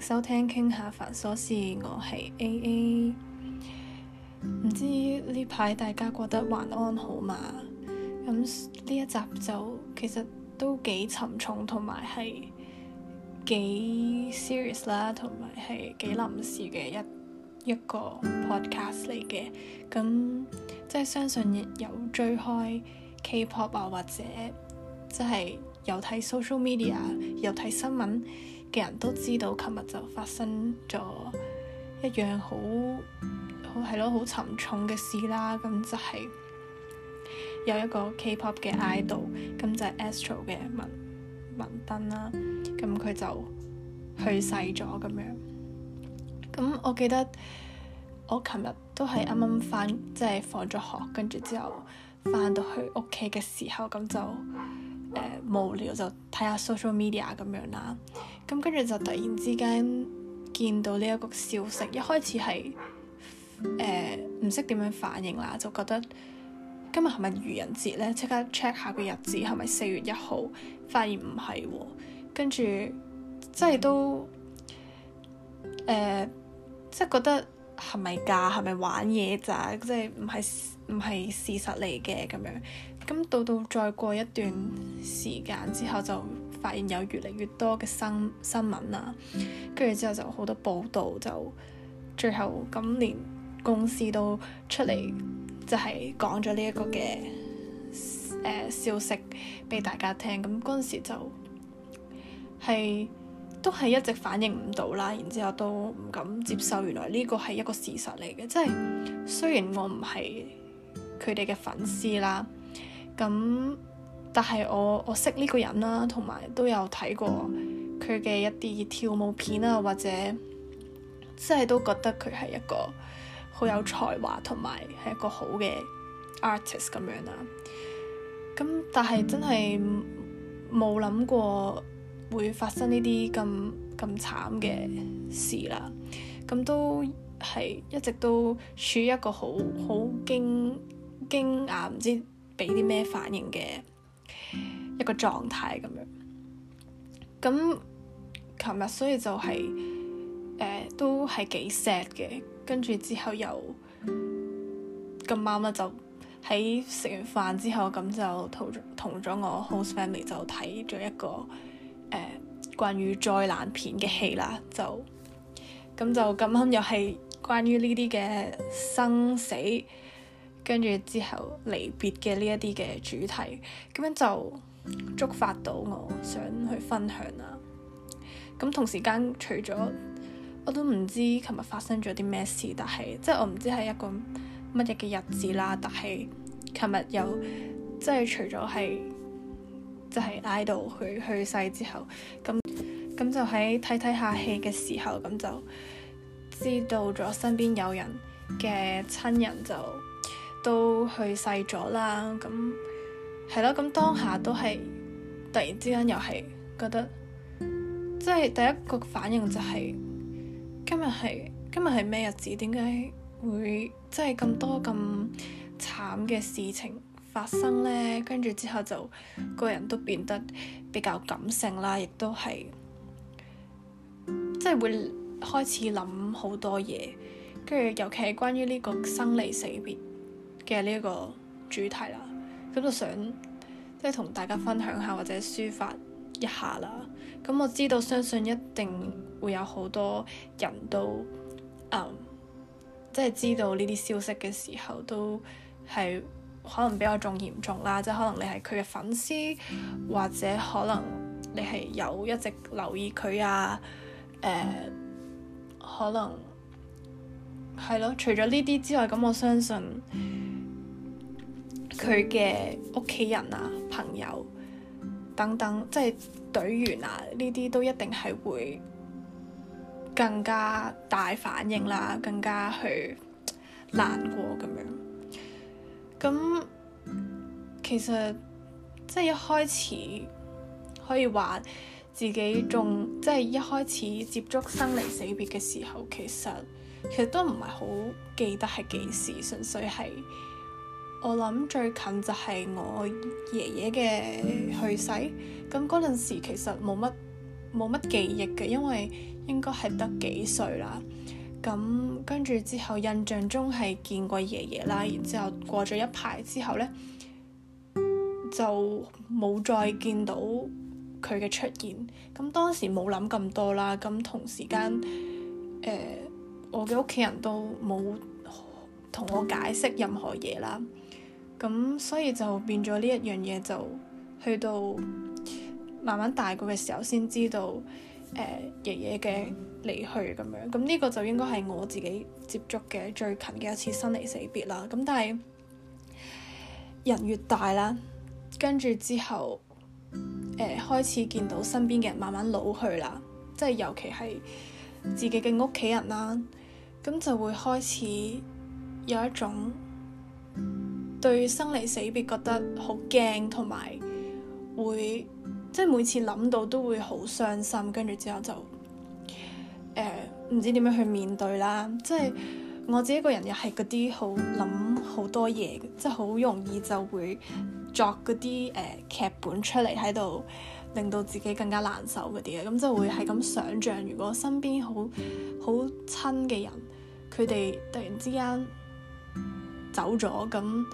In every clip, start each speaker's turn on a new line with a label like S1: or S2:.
S1: 收聽傾下煩瑣事，我係 AA，唔知呢排大家覺得還安好嘛？咁呢一集就其實都幾沉重，同埋係幾 serious 啦，同埋係幾臨時嘅一一個 podcast 嚟嘅。咁即係相信有追開 K-pop 啊，pop, 或者即係。又睇 social media，又睇新聞嘅人都知道，琴日就發生咗一樣好好係咯，好沉重嘅事啦。咁就係有一個 K-pop 嘅 idol，咁就係 ASTRO 嘅文文登啦。咁佢就去世咗咁樣。咁我記得我琴日都係啱啱翻，即係放咗學，跟住之後翻到去屋企嘅時候，咁就。誒、呃、無聊就睇下 social media 咁樣啦，咁、嗯、跟住就突然之間見到呢一個消息，一開始係誒唔識點樣反應啦，就覺得今日係咪愚人節呢？即刻 check 下個日子係咪四月一號，發現唔係喎，跟住即係都誒、呃，即係覺得。係咪假？係咪玩嘢咋？即係唔係唔係事實嚟嘅咁樣？咁到到再過一段時間之後，就發現有越嚟越多嘅新新聞啦。跟住、嗯、之後就好多報道，就最後咁連公司都出嚟就係講咗呢一個嘅誒、呃、消息俾大家聽。咁嗰陣時就係。都係一直反應唔到啦，然之後都唔敢接受，原來呢個係一個事實嚟嘅。即係雖然我唔係佢哋嘅粉絲啦，咁但係我我識呢個人啦，同埋都有睇過佢嘅一啲跳舞片啊，或者即係都覺得佢係一,一個好有才華同埋係一個好嘅 artist 咁樣啦。咁但係真係冇諗過。會發生呢啲咁咁慘嘅事啦，咁都係一直都處於一個好好驚驚訝，唔知俾啲咩反應嘅一個狀態咁樣。咁琴日所以就係、是、誒、呃、都係幾 sad 嘅，跟住之後又咁啱啦，就喺食完飯之後咁就同同咗我 host family 就睇咗一個。誒、呃，關於災難片嘅戲啦，就咁就咁啱又係關於呢啲嘅生死，跟住之後離別嘅呢一啲嘅主題，咁樣就觸發到我想去分享啦。咁同時間，除咗我都唔知琴日發生咗啲咩事，但係即係我唔知係一個乜嘢嘅日子啦。但係琴日又即係除咗係。就係 idol 佢去、去世之後，咁咁就喺睇睇下戲嘅時候，咁就知道咗身邊有人嘅親人就都去世咗啦。咁係咯，咁當下都係突然之間又係覺得，即係第一個反應就係今日係今日係咩日子？點解會即係咁多咁慘嘅事情？發生呢，跟住之後就個人都變得比較感性啦，亦都係即係會開始諗好多嘢，跟住尤其係關於呢個生離死別嘅呢個主題啦，咁就想即係同大家分享下或者抒發一下啦。咁我知道，相信一定會有好多人都，嗯，即係知道呢啲消息嘅時候都係。可能比我仲嚴重啦，即係可能你係佢嘅粉絲，或者可能你係有一直留意佢啊，誒、呃、可能係咯。除咗呢啲之外，咁我相信佢嘅屋企人啊、朋友等等，即係隊員啊，呢啲都一定係會更加大反應啦，更加去難過咁樣。嗯咁其實即係一開始可以話自己仲即係一開始接觸生離死別嘅時候，其實其實都唔係好記得係幾時，純粹係我諗最近就係我爺爺嘅去世。咁嗰陣時其實冇乜冇乜記憶嘅，因為應該係得幾歲啦。咁跟住之後，印象中係見過爺爺啦，然之後過咗一排之後呢，就冇再見到佢嘅出現。咁當時冇諗咁多啦，咁同時間，呃，我嘅屋企人都冇同我解釋任何嘢啦。咁所以就變咗呢一樣嘢，就去到慢慢大個嘅時候先知道。誒、呃、爺爺嘅離去咁樣，咁呢個就應該係我自己接觸嘅最近嘅一次生離死別啦。咁但係人越大啦，跟住之後誒、呃、開始見到身邊嘅人慢慢老去啦，即係尤其係自己嘅屋企人啦，咁就會開始有一種對生離死別覺得好驚，同埋會。即係每次諗到都會好傷心，跟住之後就誒唔、呃、知點樣去面對啦。即係我自己個人又係嗰啲好諗好多嘢嘅，即係好容易就會作嗰啲誒劇本出嚟喺度，令到自己更加難受嗰啲啊。咁、嗯、即係會係咁想像，如果身邊好好親嘅人，佢哋突然之間走咗咁。嗯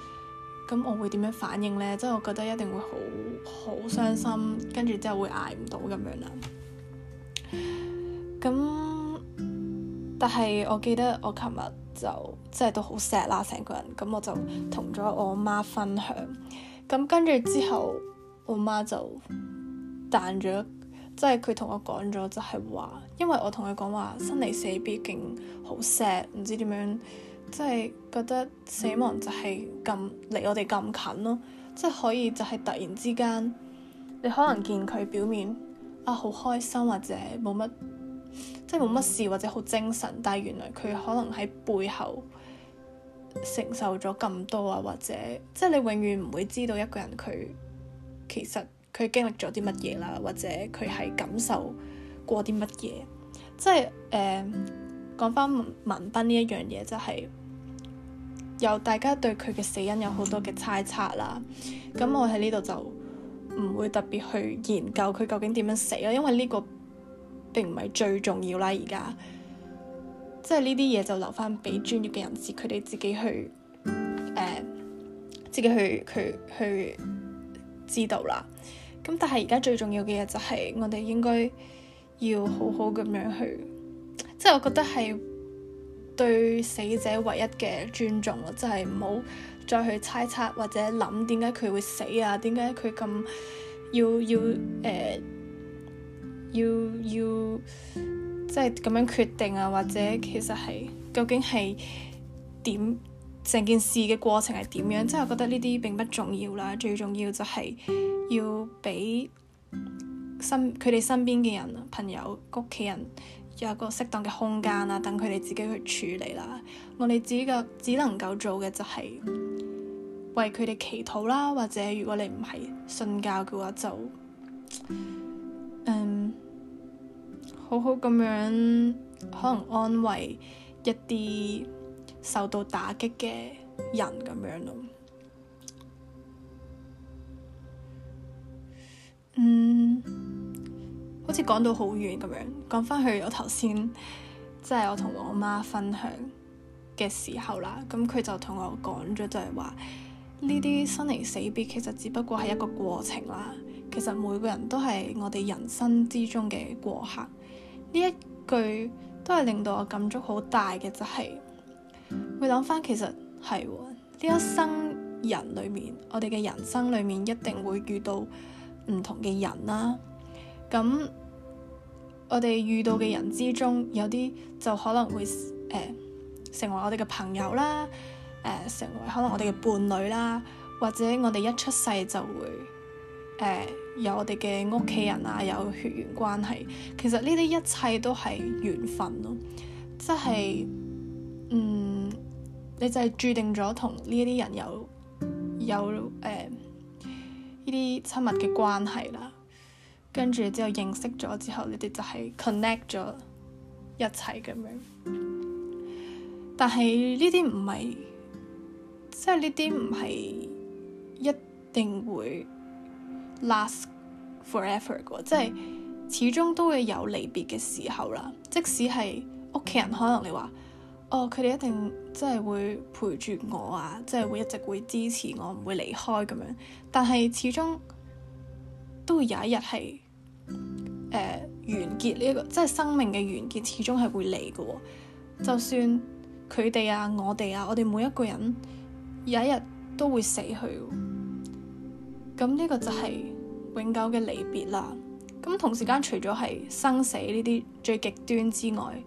S1: 咁我會點樣反應呢？即係我覺得一定會好好傷心，跟住之後會捱唔到咁樣啦。咁但係我記得我琴日就即係都好 sad 啦，成個人。咁我就同咗我媽分享。咁跟住之後，我媽就彈咗，即係佢同我講咗，就係話，因為我同佢講話生嚟死，畢竟好 sad，唔知點樣。即係覺得死亡就係咁離我哋咁近咯，即係可以就係突然之間，你可能見佢表面啊好開心或者冇乜，即係冇乜事或者好精神，但係原來佢可能喺背後承受咗咁多啊，或者即係你永遠唔會知道一個人佢其實佢經歷咗啲乜嘢啦，或者佢係感受過啲乜嘢，即係誒、呃、講翻文斌呢一樣嘢就係。即有大家對佢嘅死因有好多嘅猜測啦，咁我喺呢度就唔會特別去研究佢究竟點樣死啦、啊，因為呢個並唔係最重要啦。而家即係呢啲嘢就留翻俾專業嘅人士，佢哋自己去誒，uh, 自己去去去，去知道啦。咁但係而家最重要嘅嘢就係我哋應該要好好咁樣去，即、就、係、係、我覺得係。對死者唯一嘅尊重咯，即係唔好再去猜測或者諗點解佢會死啊，點解佢咁要要誒、呃、要要即係咁樣決定啊，或者其實係究竟係點成件事嘅過程係點樣？即係我覺得呢啲並不重要啦，最重要就係要俾身佢哋身邊嘅人、朋友、屋企人，有一個適當嘅空間啦，啊，等佢哋自己去處理啦。我哋自己嘅只能夠做嘅就係為佢哋祈禱啦，或者如果你唔係信教嘅話就，就嗯好好咁樣可能安慰一啲受到打擊嘅人咁樣咯，啊。嗯。好似講到好遠咁樣，講翻去我頭先，即係我同我媽分享嘅時候啦，咁佢就同我講咗，就係話呢啲生離死別其實只不過係一個過程啦。其實每個人都係我哋人生之中嘅過客，呢一句都係令到我感觸好大嘅，就係會諗翻其實係呢一生人裡面，我哋嘅人生裡面一定會遇到唔同嘅人啦。咁我哋遇到嘅人之中，有啲就可能會、呃、成為我哋嘅朋友啦、呃，成為可能我哋嘅伴侶啦，或者我哋一出世就會、呃、有我哋嘅屋企人啊，有血緣關係。其實呢啲一切都係緣分咯，即係嗯，你就係注定咗同呢啲人有有、呃、呢啲親密嘅關係啦。跟住之後認識咗之後，你哋就係 connect 咗一齊咁樣。但係呢啲唔係，即係呢啲唔係一定會 last forever 嘅，即係始終都會有離別嘅時候啦。即使係屋企人，可能你話哦，佢哋一定即係會陪住我啊，即係會一直會支持我，唔會離開咁樣。但係始終都會有一日係，誒、呃，完結呢、呢、一個即係生命嘅完結，始終係會嚟嘅、哦。就算佢哋啊、我哋啊、我哋每一個人有一日都會死去，咁呢個就係永久嘅離別啦。咁同時間，除咗係生死呢啲最極端之外，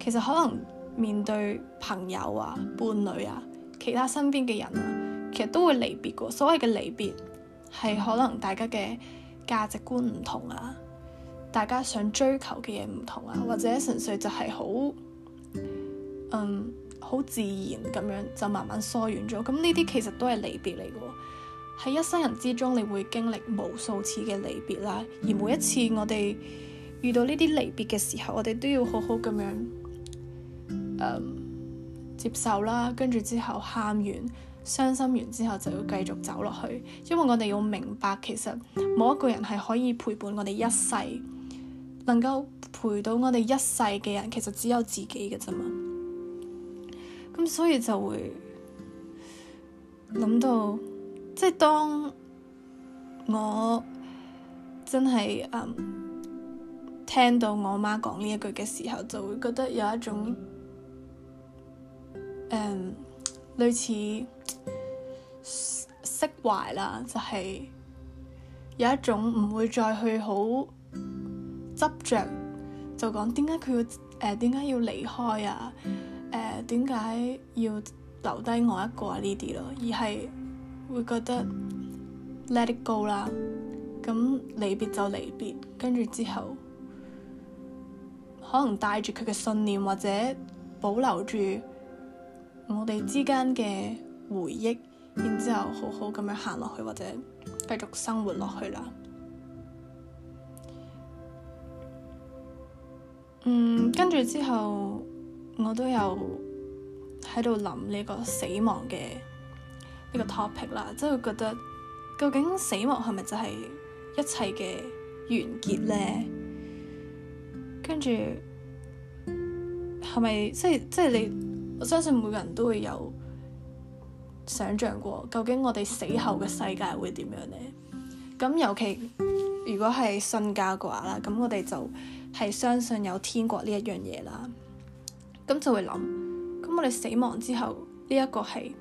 S1: 其實可能面對朋友啊、伴侶啊、其他身邊嘅人啊，其實都會離別嘅。所謂嘅離別，係可能大家嘅。價值觀唔同啊，大家想追求嘅嘢唔同啊，嗯、或者純粹就係好，嗯，好自然咁樣就慢慢疏遠咗。咁呢啲其實都係離別嚟嘅喎。喺一生人之中，你會經歷無數次嘅離別啦。嗯、而每一次我哋遇到呢啲離別嘅時候，我哋都要好好咁樣、嗯，接受啦。跟住之後，喊完。傷心完之後就要繼續走落去，因為我哋要明白，其實冇一個人係可以陪伴我哋一世，能夠陪到我哋一世嘅人其實只有自己嘅啫嘛。咁所以就會諗到，即係當我真係嗯，聽到我媽講呢一句嘅時候，就會覺得有一種、嗯類似釋懷啦，就係有一種唔會再去好執着，就講點解佢要誒點解要離開啊？誒點解要留低我一個啊？呢啲咯，而係會覺得 let it go 啦，咁離別就離別，跟住之後可能帶住佢嘅信念或者保留住。我哋之間嘅回憶，然之後好好咁樣行落去，或者繼續生活落去啦。嗯，跟住之後我都有喺度諗呢個死亡嘅呢個 topic 啦，即係會覺得究竟死亡係咪就係一切嘅完結咧？跟住係咪即係即係你？我相信每個人都會有想像過，究竟我哋死後嘅世界會點樣呢？咁尤其如果係信教嘅話啦，咁我哋就係相信有天國呢一樣嘢啦。咁就會諗，咁我哋死亡之後，呢一個係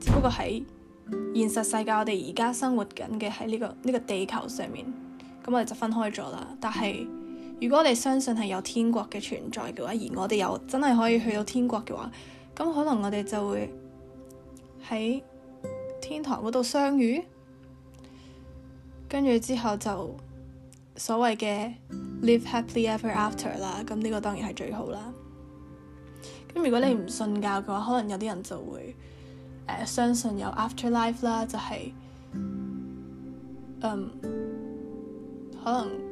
S1: 只不過喺現實世界，我哋而家生活緊嘅喺呢個呢個地球上面，咁我哋就分開咗啦。但係，如果你相信係有天國嘅存在嘅話，而我哋又真係可以去到天國嘅話，咁可能我哋就會喺天堂嗰度相遇，跟住之後就所謂嘅 live happily ever after 啦。咁呢個當然係最好啦。咁如果你唔信教嘅話，可能有啲人就會誒、呃、相信有 afterlife 啦，就係、是、嗯可能。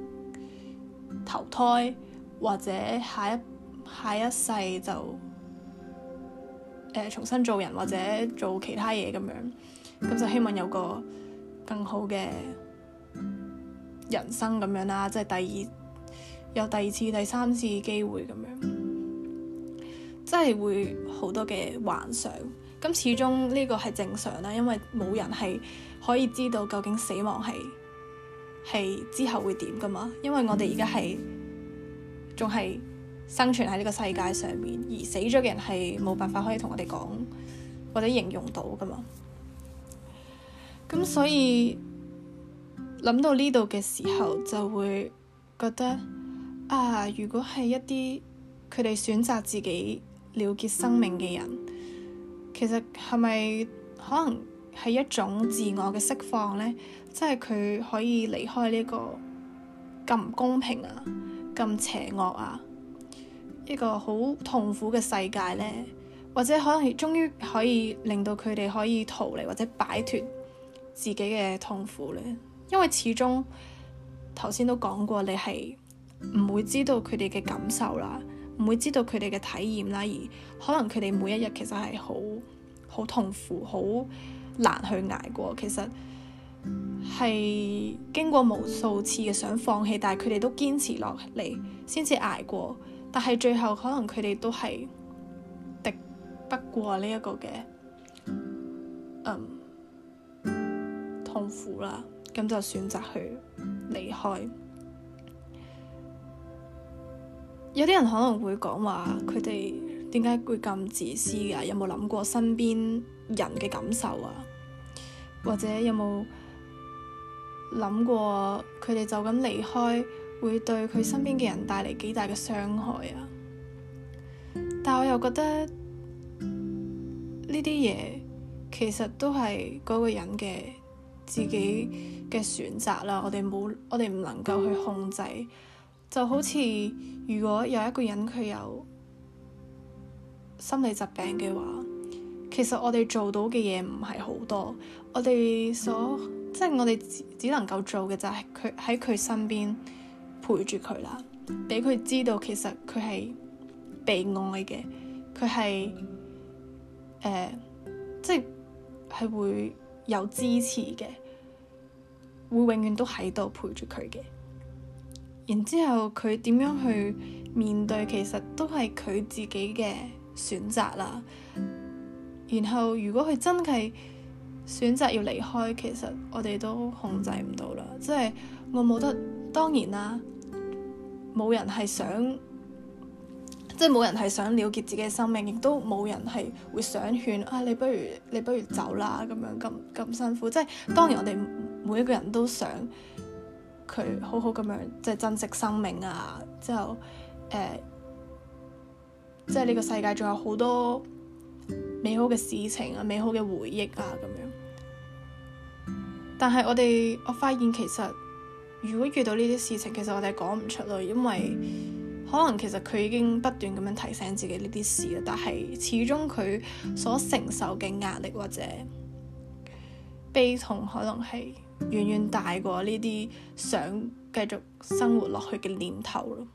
S1: 投胎或者下一下一世就、呃、重新做人或者做其他嘢咁樣，咁就希望有個更好嘅人生咁樣啦，即係第二有第二次、第三次機會。咁樣，即係會好多嘅幻想。咁始終呢個係正常啦，因為冇人係可以知道究竟死亡係。係之後會點噶嘛？因為我哋而家係仲係生存喺呢個世界上面，而死咗嘅人係冇辦法可以同我哋講或者形容到噶嘛。咁所以諗到呢度嘅時候，就會覺得啊，如果係一啲佢哋選擇自己了結生命嘅人，其實係咪可能係一種自我嘅釋放呢？即係佢可以離開呢個咁唔公平啊、咁邪惡啊，一個好痛苦嘅世界呢，或者可能終於可以令到佢哋可以逃離或者擺脫自己嘅痛苦咧。因為始終頭先都講過，你係唔會知道佢哋嘅感受啦，唔會知道佢哋嘅體驗啦，而可能佢哋每一日其實係好好痛苦、好難去挨過，其實。係經過無數次嘅想放棄，但係佢哋都堅持落嚟，先至挨過。但係最後可能佢哋都係敵不過呢一個嘅，嗯，痛苦啦。咁就選擇去離開。有啲人可能會講話佢哋點解會咁自私㗎？有冇諗過身邊人嘅感受啊？
S2: 或者
S1: 有冇？諗過佢哋就咁離開，會對佢身邊嘅人帶嚟幾大嘅傷害啊！嗯、但我又覺得呢啲嘢，其實都係嗰個人嘅自己嘅選擇啦、嗯，我哋冇我哋唔能夠去控制。就好似，嗯、如果有一個人佢有心理疾病嘅話，其實我哋做到嘅嘢唔係好多，我哋所，嗯。即係我哋只能夠做嘅就係佢喺佢身邊陪住佢啦，俾佢知道其實佢係被愛嘅，佢係誒即係係會有支持嘅，會永遠都喺度陪住佢嘅。然之後佢點樣去面對，其實都係佢自己嘅選擇啦。然後如果佢真係，選擇要離開，其實我哋都控制唔到啦。即係我冇得，當然啦，冇人係想，即係冇人係想了結自己嘅生命，亦都冇人係會想勸啊，你不如你不如走啦，咁樣咁咁辛苦。即係當然我哋每一個人都想佢好好咁樣即係珍惜生命啊。之後誒，呃，即係呢個世界仲有好多。美好嘅事情啊，美好嘅回憶啊，咁樣。但係我哋我發現其實如果遇到呢啲事情，其實我哋講唔出嚟，因為可能其實佢已經不斷咁樣提醒自己呢啲事啦。但係始終佢所承受嘅壓力或者悲痛，可能係遠遠大過呢啲想繼續生活落去嘅念頭咯。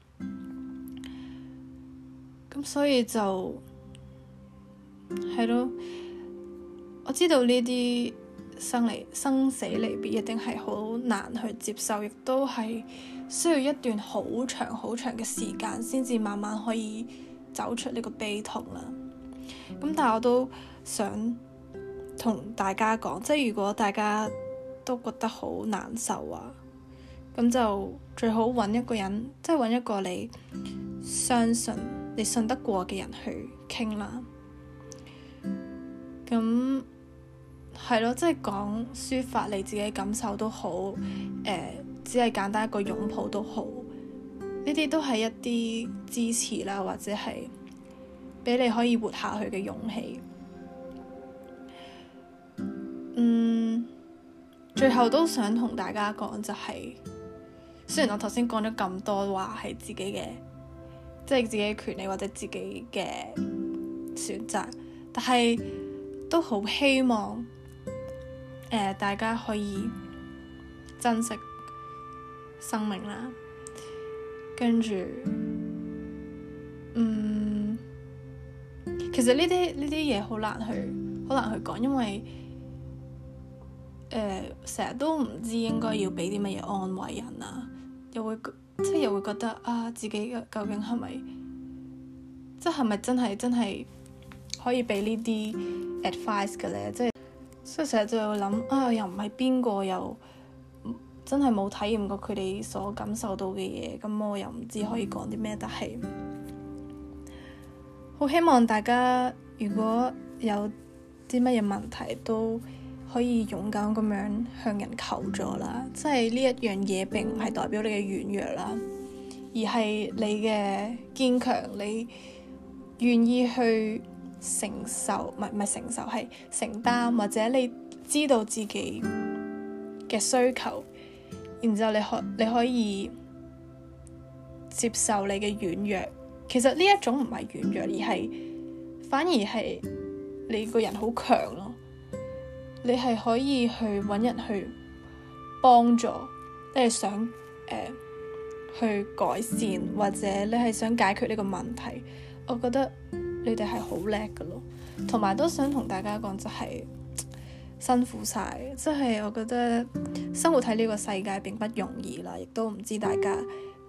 S1: 咁所以就。係咯，我知道呢啲生離生死離別一定係好難去接受，亦都係需要一段好長好長嘅時間，先至慢慢可以走出呢個悲痛啦。咁、嗯、但係我都想同大家講，即係如果大家都覺得好難受啊，咁就最好揾一個人，即係揾一個你相信、你信得過嘅人去傾啦。咁係咯，即係講抒發你自己嘅感受都好，誒、呃，只係簡單一個擁抱都好。呢啲都係一啲支持啦，或者係俾你可以活下去嘅勇氣。嗯，最後都想同大家講就係、是，雖然我頭先講咗咁多話係自己嘅，即、就、係、是、自己嘅權利或者自己嘅選擇，但係，都好希望，呃，大家可以珍惜生命啦。跟住，嗯，其實呢啲呢啲嘢好難去，好難去講，因為誒，成、呃、日都唔知應該要畀啲乜嘢安慰人啊，又會即係又會覺得啊，自己究竟係咪，即係咪真係真係可以俾呢啲 advice 嘅咧，即係所以成日就會諗啊，又唔係邊個又真係冇體驗過佢哋所感受到嘅嘢，咁我又唔知可以講啲咩，嗯、但係好希望大家如果有啲乜嘢問題，都可以勇敢咁樣向人求助啦。即係呢一樣嘢並唔係代表你嘅軟弱啦，而係你嘅堅強，你願意去承受，唔係承受，係承擔，或者你知道自己嘅需求，然之後你可你可以接受你嘅軟弱。其實呢一種唔係軟弱，而係反而係你個人好強咯。你係可以去揾人去幫助，你係想、呃、去改善，或者你係想解決呢個問題。我覺得。你哋係好叻噶咯，同埋都想同大家講，就係、係、辛苦晒。即係我覺得生活喺呢個世界並不容易啦，亦都唔知大家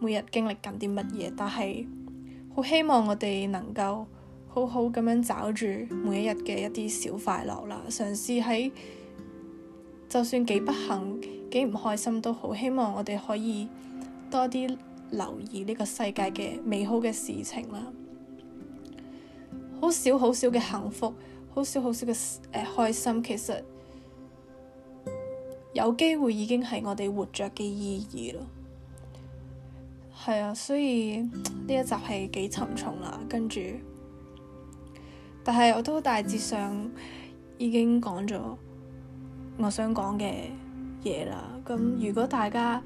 S1: 每日經歷緊啲乜嘢，但係好希望我哋能夠好好咁樣找住每一日嘅一啲小快樂啦，嘗試喺就算幾不幸、幾唔開心都好，希望我哋可以多啲留意呢個世界嘅美好嘅事情啦。好少好少嘅幸福，好少好少嘅誒、呃、開心，其實有機會已經係我哋活着嘅意義咯。係 啊，所以呢一集係幾沉重啦。跟住，但係我都大致上已經講咗我想講嘅嘢啦。咁如果大家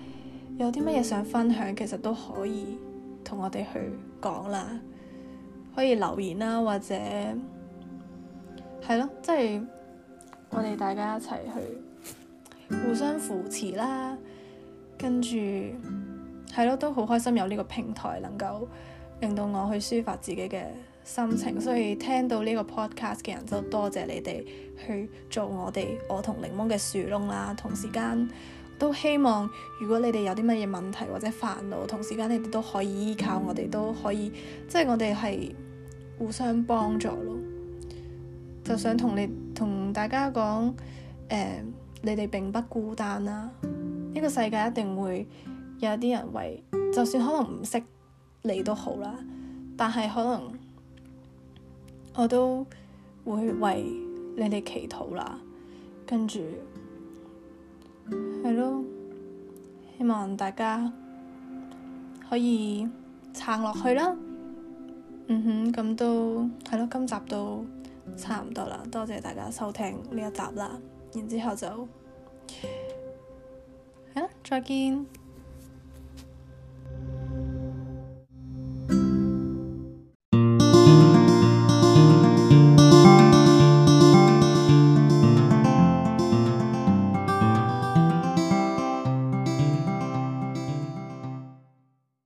S1: 有啲乜嘢想分享，其實都可以同我哋去講啦。可以留言啦，或者係咯，即係，我哋大家一齊去互相扶持啦。嗯、跟住係咯，都好開心有呢個平台能夠令到我去抒發自己嘅心情。嗯、所以聽到呢個 podcast 嘅人，就多謝你哋去做我哋我同檸檬嘅樹窿啦。同時間都希望如果你哋有啲乜嘢問題或者煩惱，同時間你哋都可以依靠我哋，嗯、都可以即係我哋係。互相幫助咯，就想同你同大家講，誒、呃，你哋並不孤單啦，啊，呢，這個世界一定會有啲人為，就算可能唔識你都好啦，但係可能我都會為你哋祈禱啦，跟住係咯，希望大家可以撐落去啦～嗯哼，咁都係咯，今集都差唔多啦，多謝大家收聽呢一集啦，然之後就係啦、 嗯，再見。